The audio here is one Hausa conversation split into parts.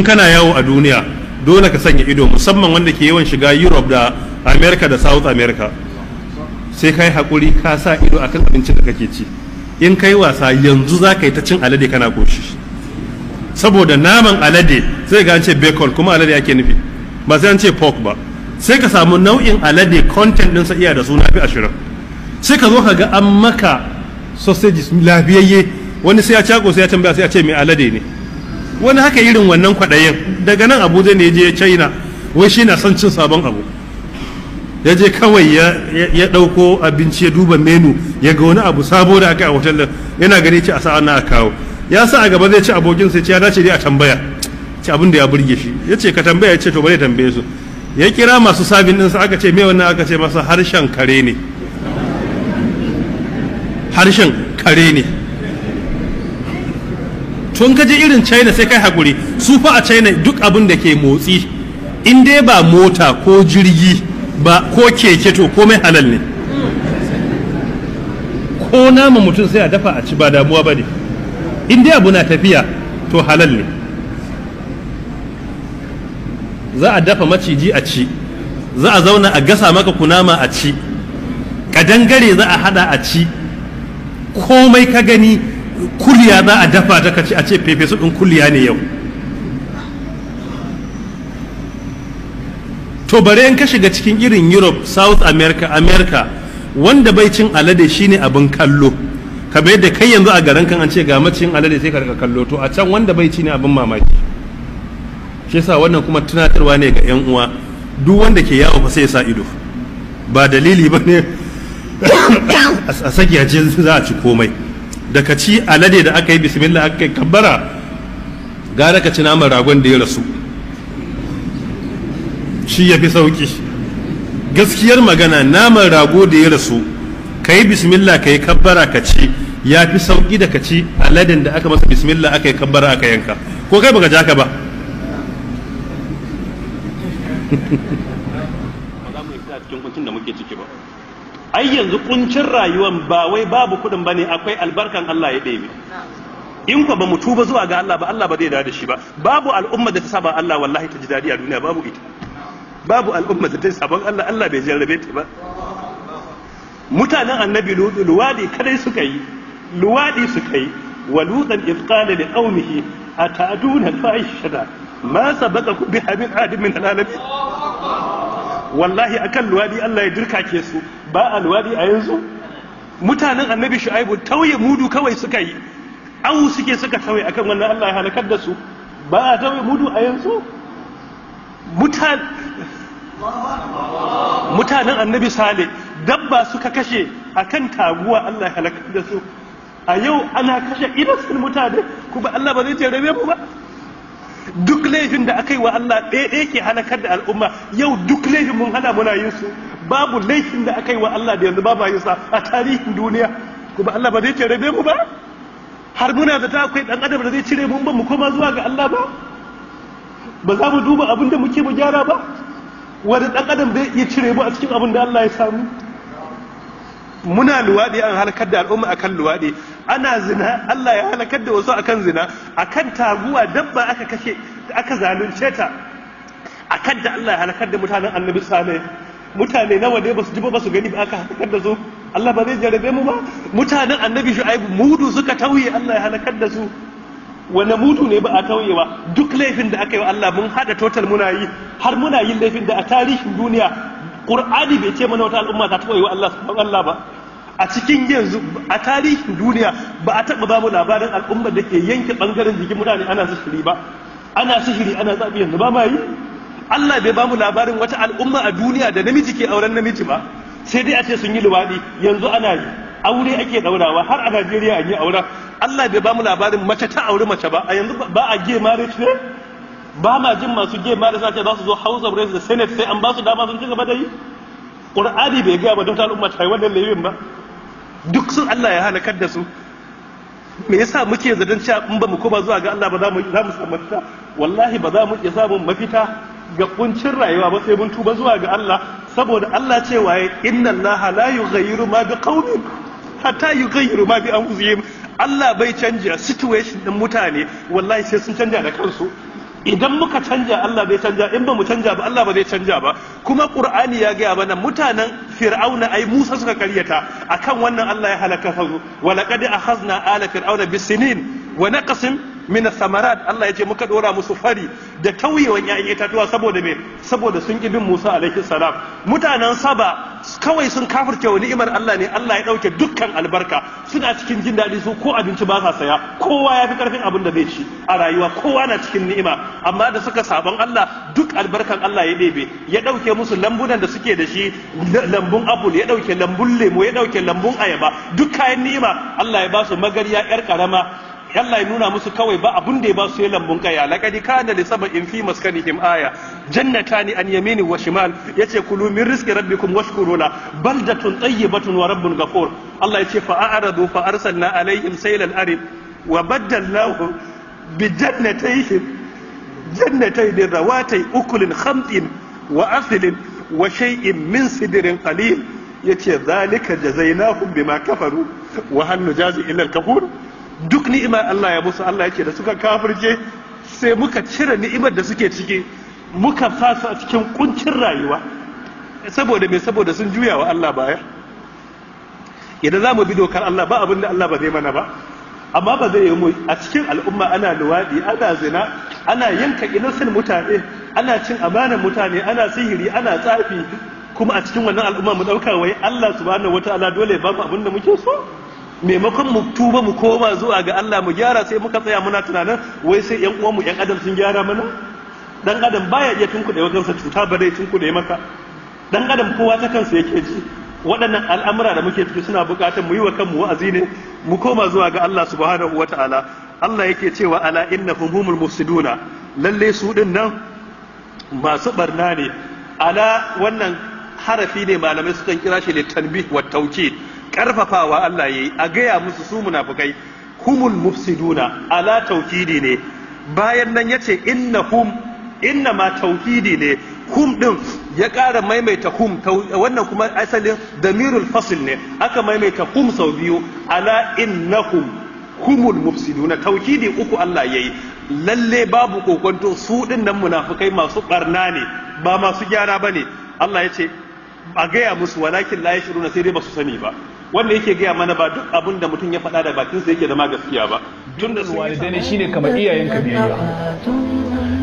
in kana yawo a duniya dole ka sanya ido musamman wanda ke yawan shiga europe da america da south america sai ka yi haƙuri ka sa ido a kan abincin da kake ci in kai wasa yanzu za ka yi ta cin alade kana koshi saboda naman alade sai ga an ce bacon kuma alade ake nufi ba sai an ce pork ba sai ka samu nau'in alade content ɗinsa iya da suna fi ashirin sai ka zo ka ga an maka sausages lafiyayye wani sai ya cako sai ya tambaya sai ya ce mai alade ne wani haka irin wannan kwaɗayin daga nan abuja ne je china wai shi na son cin sabon abu ya je kawai ya ɗauko abinci ya duba menu ya ga wani abu sabo da aka a hotel din yana gani ce a sa'an na kawo ya sa a gaba zai ci abokin sai ce ya dace dai a tambaya ci abin da ya burge shi ya ce ka tambaya ya ce to bari tambaye su ya kira masu sabin ɗinsa aka ce me wannan aka ce masa harshen kare ne harshen kare ne to in ka irin china sai kai hakuri su fa a china duk abin da ke motsi in dai ba mota ko jirgi ba ko keke to komai halal ne ko nama mutum sai a dafa a ci ba damuwa ba ne in dai abu na tafiya to halal ne za a dafa maciji a ci za a zauna a gasa maka kunama a ci ka dangare za a hada a ci komai ka gani kulya za a dafa ta kace a ce fefe su ɗin kulliya ne yau to bare in ka shiga cikin irin europe south america america wanda bai cin alade shine abin kallo bai yadda kai yanzu a garin kan an ce ga macin alade sai ka kallo to a can wanda bai cin abin mamaki shi yasa wannan kuma tunatarwa ne ga yan uwa duk wanda ke yawo fa sai ya sa ido ba dalili ba ne a sakiya a za a ci komai da ka ci alade da aka yi bismillah aka yi kabbara gara ka ci naman ragon da ya rasu shi ya fi sauki gaskiyar magana naman rago da ya rasu ka yi bismillah ka yi kabbara ka ci ya fi sauki da ka ci aladen da aka masa bismillah aka yi kabbara aka yanka ko kai baka ja ka ba da muke ciki ba ai yanzu kuncin rayuwan ba wai babu kudin bane akwai albarkan Allah ya ɗebe in ba mu tuba zuwa ga Allah ba Allah ba zai da shi ba babu al'umma da ta saba Allah wallahi ta ji dadi a duniya babu ita babu al'umma da ta saba Allah Allah bai jarrabe ta ba mutanen annabi luwadi kadai suka yi luwadi suka yi wa lutan li qaumihi atatuna al-fahishata ma sabaqakum bi habin adim min al-alamin wallahi akan luwadi Allah ya dirkake su ba a luwadi a yanzu mutanen annabi shu'aibu tauye mudu kawai suka yi awu suke suka tauye akan wannan Allah ya halakar da su ba a tauye mudu a yanzu mutanen annabi sale dabba suka kashe akan taguwa Allah ya halakar da su a yau ana kashe sun mutane kuma Allah ba zai tere mu ba duk laifin da aka yi wa Allah ɗaya ke halakar da al'umma yau duk laifin mun hana muna yin su babu laifin da aka yi wa Allah da yanzu babu yin sa a tarihin duniya kuma Allah ba zai cire mu ba har muna da ta akwai dan adam da zai cire mun ba mu koma zuwa ga Allah ba ba za mu duba abin da muke mu gyara ba wani dan adam zai iya cire mu a cikin abin da Allah ya samu muna luwaɗi an halakar da al'umma akan luwaɗi ana zina Allah ya halakar da wasu akan zina akan taguwa dabba aka kashe aka zalunce ta akan da Allah ya halakar da mutanen annabi sale mutane nawa ne basu ji ba basu gani ba aka halakar da su Allah ba zai jarabe mu ba mutanen annabi shu'aib mudu suka tauye Allah ya halakar da su wani mutu ne ba a tauye ba duk laifin da aka yi wa Allah mun hada total muna yi har muna yin laifin da a tarihin duniya Qur'ani bai ce mana wata al'umma ta tauye wa Allah ba a cikin yanzu a tarihin duniya ba a taɓa babu labarin al'ummar da ke yanke ɓangaren jikin mutane ana sihiri ba ana sihiri ana zaɓi yanzu ba ma yi Allah bai bamu labarin wata al'umma a duniya da namiji ke auren namiji ba sai dai a ce sun yi luwaɗi yanzu ana yi aure ake ɗaurawa har a Najeriya an yi aura Allah bai bamu labarin mace ta auri mace ba a yanzu ba a gay marriage ne ba ma jin masu gay marriage ce za su zo House of Representatives da Senate sai an ba su dama sun ci gaba da yi Qur'ani bai gaya ba don ta al'umma ta yi wannan laifin ba duk sun Allah ya halakar da su me yasa muke zaton cewa in ba mu koma zuwa ga Allah ba za mu za mu samu mafita wallahi ba za mu iya samun mafita ga kuncin rayuwa ba sai mun tuba zuwa ga Allah saboda Allah cewa waye inna Allah la yughayyiru ma bi qaumin hatta yughayyiru ma bi anfusihim Allah bai canja situation din mutane wallahi sai sun canja da kansu idan muka canja Allah bai canja in ba mu canja ba Allah ba zai canja ba kuma Qur'ani ya gaya mana mutanen Fir'auna ai Musa suka karyata akan wannan Allah ya halaka su wa laqad ala fir'auna bisinin wa naqasin mina samarat Allah ya ce muka dora musu fari da tauyewan ya'yan itatuwa saboda me saboda sun bin Musa alaihi salam mutanen Saba kawai sun kafirce wa ni'imar Allah ne Allah ya dauke dukkan albarka suna cikin jin daɗi su ko abinci ba sa saya kowa ya fi karfin abin da zai ci a rayuwa kowa na cikin ni'ima amma da suka sabon Allah duk albarkan Allah ya ɗebe ya dauke musu lambunan da suke da shi lambun apple ya dauke lambun lemo ya dauke lambun ayaba duk kayan ni'ima Allah ya ba su magariya yar karama Allah ya nuna musu kawai ba abun da ya ba su lambun kaya laqad kana li in fi maskanihim aya jannatani an yamini wa shimal yace kulu min rizqi rabbikum washkuru la baldatun tayyibatun wa rabbun ghafur Allah yace fa a'radu fa arsalna alaihim saylal arid wa badalnahu bi jannatayhim jannatayhim rawatay ukulin khamtin wa aslin wa shay'in min sidrin qalil yace zalika jazainahum bima kafaru wa hal nujazi illa al-kafur duk ni'imar Allah ya musu Allah yake da suka kafirce sai muka cire ni'imar da suke ciki muka sa su a cikin kuncin rayuwa saboda me saboda sun juya wa Allah baya idan za mu bi dokar Allah ba abin da Allah ba zai mana ba amma ba zai yi mu a cikin al'umma ana luwaɗi ana zina ana yanka innocent mutane ana cin amanar mutane ana sihiri ana tsafi kuma a cikin wannan al'umma mu ɗauka wai Allah subhanahu wataala dole ba mu abin da muke so maimakon mu tuba mu koma zuwa ga Allah mu gyara sai muka tsaya muna tunanin wai sai yan uwanmu yan adam sun gyara mana dan adam baya iya tunkuɗe sa cuta ba dai tunkuɗe maka dan adam kowa ta kansa yake ji waɗannan al'amura da muke ciki suna buƙatar mu yi wa kanmu wa'azi ne mu koma zuwa ga Allah subhanahu wata'ala Allah yake cewa ala inna humul mufsiduna lalle su din nan masu barna ne ala wannan harafi ne malamai sukan kira shi litanbih wa tawkid karfafawa Allah yayi a gaya musu su munafukai humul mufsiduna ala tauhidi ne bayan nan yace innahum inna ma tauhidi ne hum din ya ƙara maimaita hum wannan kuma asalin damirul fasil ne aka maimaita hum sau biyu ala innahum humul mufsiduna tauhidi uku Allah yayi lalle babu kokonto su din nan munafikai masu barna ne ba masu gyara bane Allah yace a gaya musu walakin la yashuruna sai dai basu sani ba wanda yake gaya mana ba duk abin da mutum ya faɗa da bakinsa yake zama gaskiya ba tun da shi ne kamar iyayen ka biyayya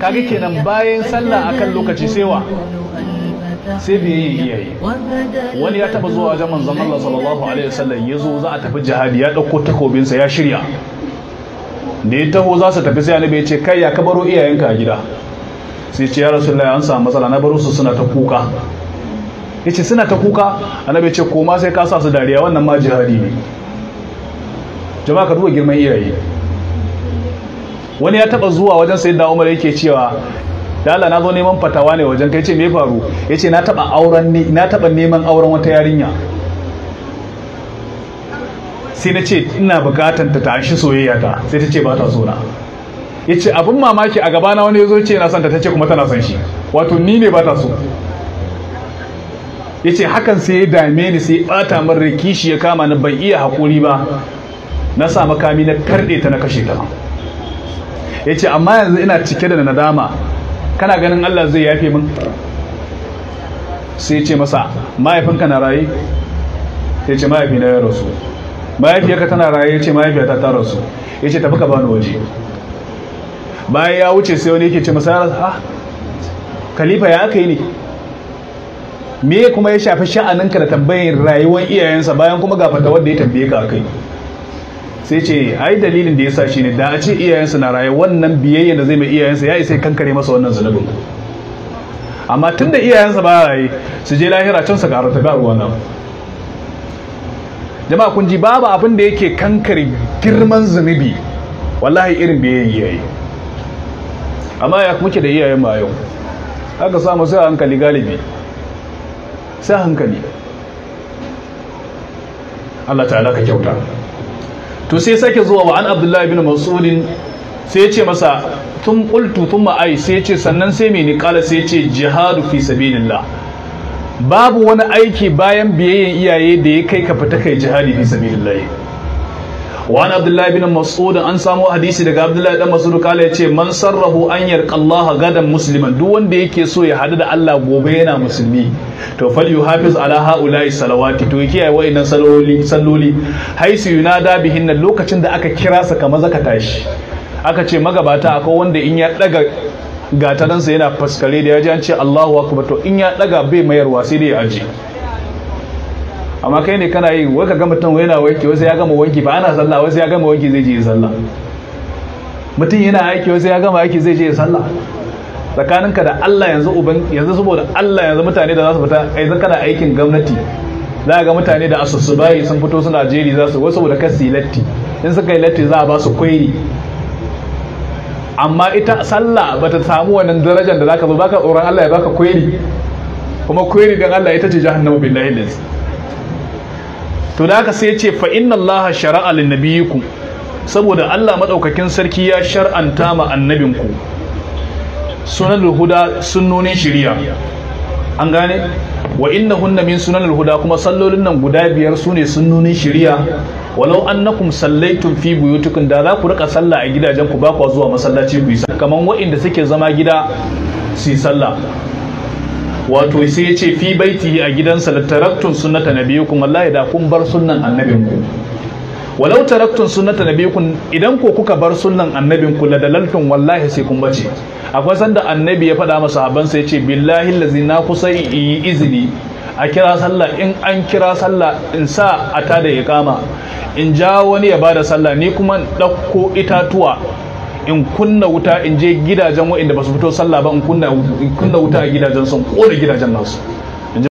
kaga kenan bayan sallah akan lokaci sai wa sai biyayyen wani ya taba zuwa wajen manzon Allah sallallahu alaihi wasallam ya zo za a tafi jihadi ya ɗauko takobinsa ya shirya da ya taho za su tafi sai annabi ya ce kai ya kabaro baro iyayenka a gida sai ce ya rasulullahi an samu matsala na baro su suna ta kuka yace suna ta kuka annabi ya ce koma sai ka sa su dariya wannan ma jihadi ne jama'a ka duba girman iyaye wani ya taba zuwa wajen da Umar yake cewa da Allah na zo neman fatawa ne wajen kai ce me faru yace na taba auren ne na taba neman auren wata yarinya sai na ce ina bukatan ta shi soyayya ta sai ta ce ba ta so na yace abin mamaki a gabana wani ya zo ce na son ta tace kuma tana son shi wato ni ne ba ta so ya ce hakan sai ya dame ni sai bata ɓata min rikishi kishi ya kama ni ban iya haƙuri ba na sa makami na karɗe ta na kashe ta ya ce amma yanzu ina cike da nadama kana ganin Allah zai yafe min sai ya ce masa mahaifinka na raye ya ce mahaifi na ya rasu mahaifiyarka tana raye ya ce mahaifiyata ta rasu ya ce tafi ka bani waje bayan ya wuce sai wani yake ce masa ha ah, khalifa ya aka yi ne me kuma ya shafi sha'aninka da tambayin rayuwar iyayensa bayan kuma ga fata wanda ya tambaye ka kai sai ce ai dalilin da ya shi shine da a ce iyayensa na raye wannan biyayya da zai mai iyayensa ya isa kankare masa wannan zunubin amma tunda iyayensa ba raye su je lahira can su ƙara ta garuwa nan jama'a kun ji babu abin da yake kankare girman zunubi wallahi irin biyayya iyaye amma ya muke da iyayen yau haka samu sai hankali galibi sai hankali Allah ta'ala ka kyauta to sai sake zuwa wa an abdullahi bin mas'udin sai ce masa tun kultu tun ma'ai sai ce sannan sai mai niƙala sai ce jihadu fi sabilillah babu wani aiki bayan biyayyen iyaye da ya kai ka fita kai jihadi fi sabilillah Wani an abdullahi bin Masudin an samu hadisi daga abdullahi dan mas'ud kala yace man sarrahu an yarqa Allah gadan musliman duk wanda yake so ya hadu da Allah gobe yana musulmi to fal yuhafiz ala haula'i salawati to yake yayi wa'innan salloli haisu yunada bihinna lokacin da aka kira sa kamar zaka tashi aka ce magabata akwai wanda in ya daga gatarinsa yana faskare da ya ji an ce Allahu akbar to in ya daga bai mayarwa sai dai ya aje amma kai ne kana yi wai ka ga mutum yana wanki wasu ya gama wanki ba ana sallah wasu ya gama wanki zai je sallah mutum yana aiki wasu ya gama aiki zai je sallah tsakaninka da Allah yanzu uban yanzu saboda Allah yanzu mutane da za su fita yanzu kana aikin gwamnati za ga mutane da asusu bayi sun fito suna jeri za su wasu saboda kasi latti in suka yi latti za a ba su kwairi amma ita sallah bata samu wannan darajar da zaka zo baka tsoron Allah ya baka kwairi kuma kwairi dan Allah ita ce jahannama billahi lillahi to da haka sai ya ce fa inna Allah shara'a lin nabiyikum saboda Allah madaukakin sarki ya shar'anta ma annabinku sunan huda sunnonin shari'a an gane wa innahunna min sunan huda kuma sallolin nan guda biyar sune sunnonin shari'a walau annakum sallaitum fi buyutukum da za ku rika sallah a gidajen ku ba ku zuwa masallaci ku yi kamar waɗanda suke zama gida su yi sallah wato sai ya ce fi baiti a gidansa da taraktun sunnata nabiyikum wallahi da kun bar sunnan annabinku walau taraktun sunnata biyu idan ko kuka bar sunnan annabinku la dalaltun wallahi sai kun bace akwai sanda annabi ya faɗa masa abin sai ya ce billahi lazi na kusa yi izini a kira sallah in an kira sallah in sa a tada ya kama in ja wani ya bada sallah ni kuma ɗauko itatuwa in kunna wuta in je gidajen wa'inda ba su fito sallah ba in kunna wuta a gidajen sun kone gidajen nasu